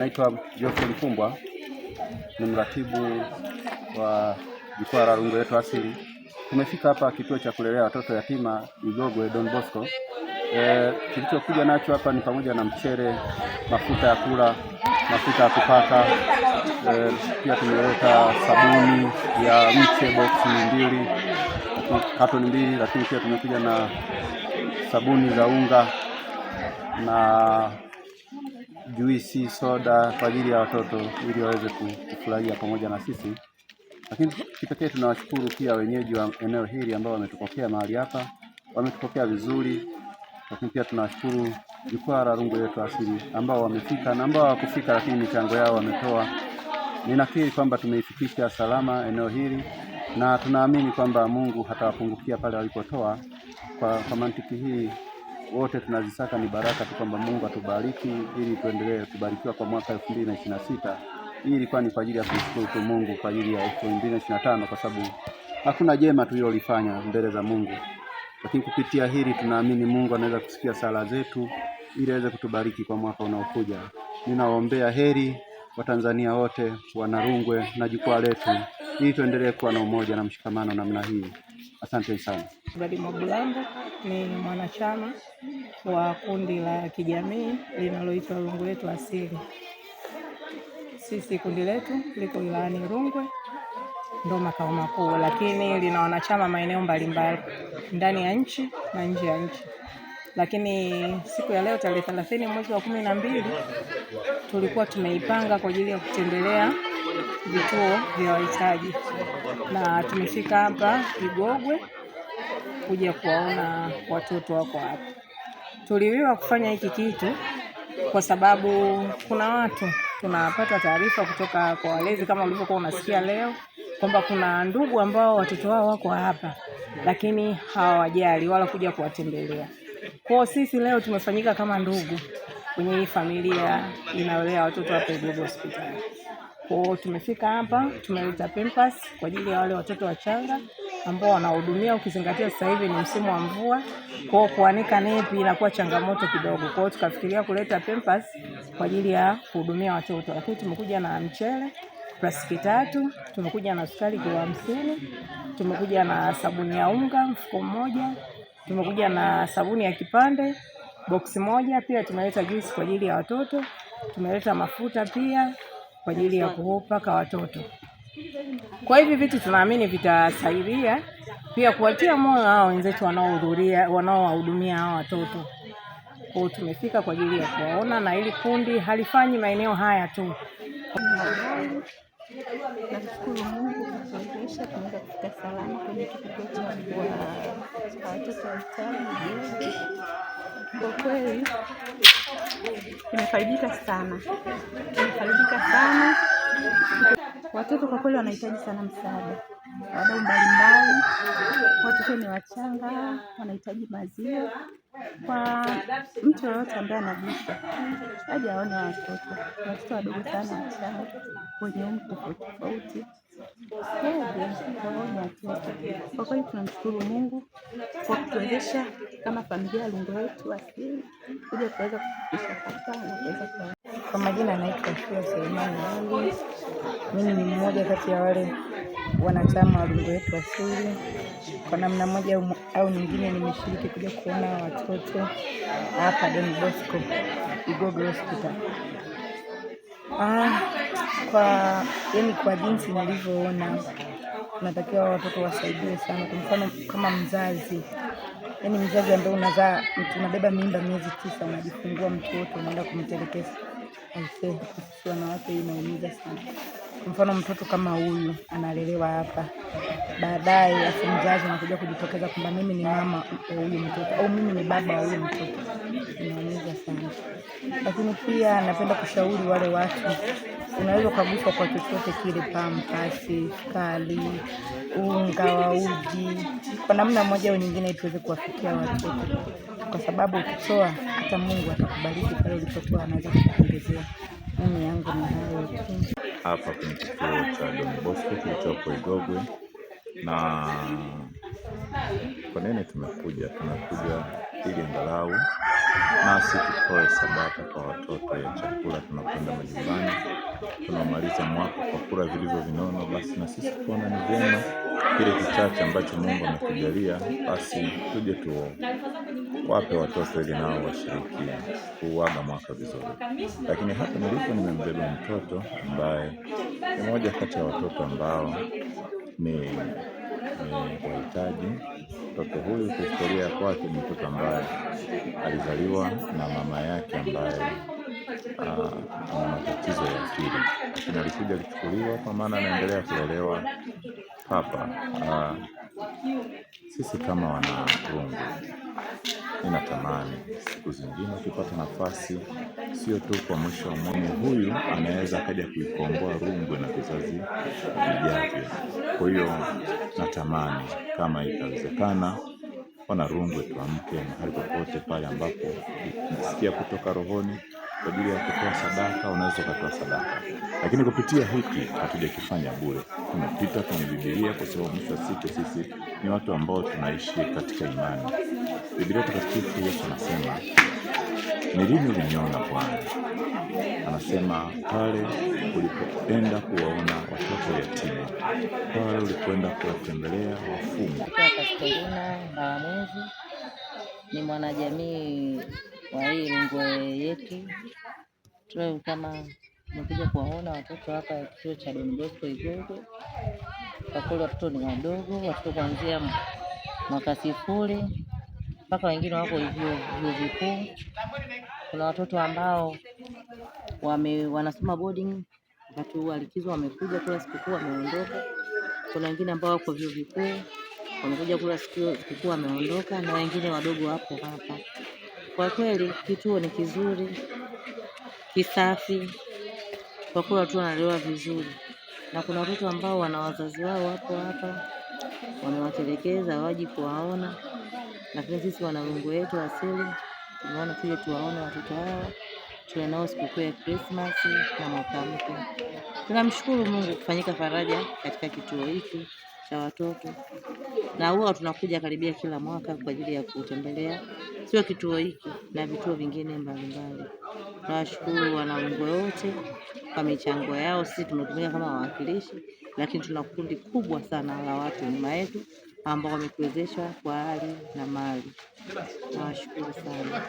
Naitwa Geoffrey Mkumbwa, ni mratibu wa jukwaa la Rungwe Yetu Asili. Tumefika hapa kituo cha kulelea watoto yatima Igogwe Don Bosco. E, kilichokuja nacho hapa ni pamoja na mchele, mafuta ya kula, mafuta ya kupaka. E, pia tumeleta sabuni ya mche boksi mbili, katoni mbili, lakini pia tumekuja na sabuni za unga na juisi, soda kwa ajili ya watoto ili waweze kufurahia pamoja na sisi. Lakini kipekee tunawashukuru pia wenyeji wa eneo hili ambao wametupokea mahali hapa, wametupokea vizuri. Lakini pia tunawashukuru jukwaa la Rungwe Yetu Asili ambao wamefika na ambao hawakufika, lakini michango yao wametoa. Ninafikiri kwamba tumeifikisha salama eneo hili na tunaamini kwamba Mungu hatawapungukia pale walipotoa. Kwa, kwa mantiki hii wote tunazisaka ni baraka tu kwamba Mungu atubariki ili tuendelee kubarikiwa kwa mwaka 2026. Hii ilikuwa ni kwa ajili ya kumshukuru tu Mungu kwa ajili ya 2025 kwa sababu hakuna jema tulilolifanya mbele za Mungu, lakini kupitia hili tunaamini Mungu anaweza kusikia sala zetu ili aweze kutubariki kwa mwaka unaokuja. Ninawaombea heri Watanzania wote, Wanarungwe na jukwaa letu, ili tuendelee kuwa na umoja na mshikamano namna hii. Asante sana ni mwanachama wa kundi la kijamii linaloitwa rungwe Letu Asili. Sisi kundi letu liko wilayani Rungwe, ndo makao makuu, lakini lina wanachama maeneo mbalimbali ndani ya nchi na nje ya nchi. Lakini siku ya leo tarehe thelathini mwezi wa kumi na mbili tulikuwa tumeipanga kwa ajili ya kutembelea vituo vya wahitaji na tumefika hapa Igogwe kuja kuwaona watoto wako hapa. Tuliwiwa kufanya hiki kitu kwa sababu kuna watu tunapata taarifa kutoka kwa walezi, kama ulivyokuwa unasikia leo kwamba kuna ndugu ambao watoto wao wako hapa, lakini hawawajali wala kuja kuwatembelea. Kwao sisi leo tumefanyika kama ndugu kwenye hii familia inayolea watoto hapa Igogo hospitali. Kwao tumefika hapa, tumeleta pampers kwa ajili ya wale watoto wachanga ambao wanahudumia, ukizingatia sasa hivi ni msimu wa mvua, kwao kuanika nepi inakuwa changamoto kidogo. Kwao tukafikiria kuleta Pampers kwa ajili ya kuhudumia watoto, lakini tumekuja na mchele plastiki tatu, tumekuja na sukari kilo hamsini, tumekuja na sabuni ya unga mfuko mmoja, tumekuja na sabuni ya kipande boksi moja, pia tumeleta juisi kwa ajili ya watoto, tumeleta mafuta pia kwa ajili ya kupaka watoto. Kwa hivi vitu tunaamini vitasaidia pia kuwatia moyo hao wenzetu wanaohudhuria, wanaowahudumia hao watoto Kwa Tumefika kwa ajili ya kuwaona, na ili kundi halifanyi maeneo haya tu. Nashukuru Mungu kutuwezesha tunaweza kufika salama kwenye kituo cha watoto wachanga. Kwa kweli tumefaidika sana, tumefaidika sana. Watoto kwa kweli wanahitaji sana msaada, wadau mbalimbali. Watoto ni wachanga, wanahitaji maziwa. Kwa mtu yoyote ambaye anagusa, aje aone watoto, watoto wadogo sana, wachanga, wenye umri tofauti tofauti waone watoto. Kwa kweli tunamshukuru Mungu kwa kutuwezesha kama familia ya lungo Wetu Asili kuja kuweza kufikisha hapa na kuweza kwa majina naitwa Ashura Selemani Ally. Mimi ni mmoja kati ya wale wanachama wa Lungu Yetu Asili. Kwa namna moja au nyingine, nimeshiriki kuja kuona watoto hapa Don Bosco Igogo Hospital. Ah, kwa yani, kwa jinsi nilivyoona, natakiwa watoto wasaidiwe sana. Kwa mfano kama mzazi yani mzazi ambaye unazaa, unabeba mimba miezi tisa, unajifungua mtoto, unaenda kumtelekeza wanawake inaumiza sana. Kwa mfano mtoto kama huyu analelewa hapa, baadaye afu mzazi anakuja kujitokeza kwamba mimi ni mama wa huyu mtoto au mimi ni baba wa huyu mtoto, inaumiza sana. Lakini pia napenda kushauri wale watu unaweza ukaguswa kwa chochote kile, pampasi, sukari, unga wa uji, kwa namna moja au nyingine tuweze kuwafikia watoto, kwa sababu ukitoa hata Mungu atakubariki pale ulipotoa, anaweza kukuongezea. Mimi yangu ni hayo tu. Hapa kwenye kituo cha Don Bosco kilichopo Igogwe na kwa nini tumekuja? Tunakuja ili angalau nasi tutoe sadaka kwa watoto ya chakula tunakwenda majumbani, tunamaliza mwaka kwa kula vilivyo vinono. Basi na sisi tuona ni vyema kile kichache ambacho Mungu amekujalia basi tuje tu wape watoto ili nao washiriki kuuaga mwaka vizuri. Lakini hapa nilipo nimembeba mtoto ambaye ni moja kati ya watoto ambao ni wahitaji Mtoto huyu kwa historia kwake ni mtoto ambaye alizaliwa na mama yake ambaye ah, ana matatizo ya akili, lakini alikuja alichukuliwa, kwa maana anaendelea kulelewa hapa. Ah, sisi kama wana Ninatamani siku zingine ukipata nafasi, sio tu kwa mwisho wa mwaka huyu anaweza akaja kuikomboa Rungwe na vizazi vijavyo. Kwa hiyo natamani kama itawezekana, wana Rungwe, tuamke mahali popote pale ambapo nasikia kutoka rohoni kwa ajili ya kutoa sadaka, unaweza ukatoa sadaka, lakini kupitia hiki hatujakifanya bure. Tumepita kwenye Biblia, kwa sababu mwisho wa siku sisi ni watu ambao tunaishi katika imani. Biblia takatifu Yesu anasema nilivyoninona Bwana, anasema pale ulipoenda kuwaona watoto yatima, pale ulipoenda kuwatembelea wafungwa. Kastelina Bawamuzi ni mwanajamii wa hii Rungwe yetu tu, kama nikuja kuwaona watoto hapa kituo cha Don Bosco Igogo. Kwa kweli watoto ni wadogo, watoto kuanzia mwaka sifuri mpaka wengine wako vyuo vikuu. Kuna watoto ambao wame, wanasoma boarding wakati wa likizo wamekuja kula sikukuu wameondoka. Kuna wengine ambao wako vyuo vikuu wamekuja kula sikukuu wameondoka, na wengine wadogo wapo hapa. Kwa kweli kituo ni kizuri, kisafi, kwa kuwa watu wanalewa vizuri, na kuna watoto ambao wana wazazi wao wapo hapa, wamewatelekeza waji kuwaona lakini sisi wanarungu wetu asili tunaona tuje tuwaone watoto wao tuwe nao sikukuu ya Christmas na mwaka mpya. Tunamshukuru Mungu kufanyika faraja katika kituo hiki cha watoto, na huwa tunakuja karibia kila mwaka kwa ajili ya kutembelea sio kituo hiki na vituo vingine mbalimbali. Tunawashukuru wanarungwe wote kwa michango yao. Sisi tumetumika kama wawakilishi, lakini tuna kundi kubwa sana la watu nyuma yetu ambao wametuwezesha kwa hali na mali. Nawashukuru sana.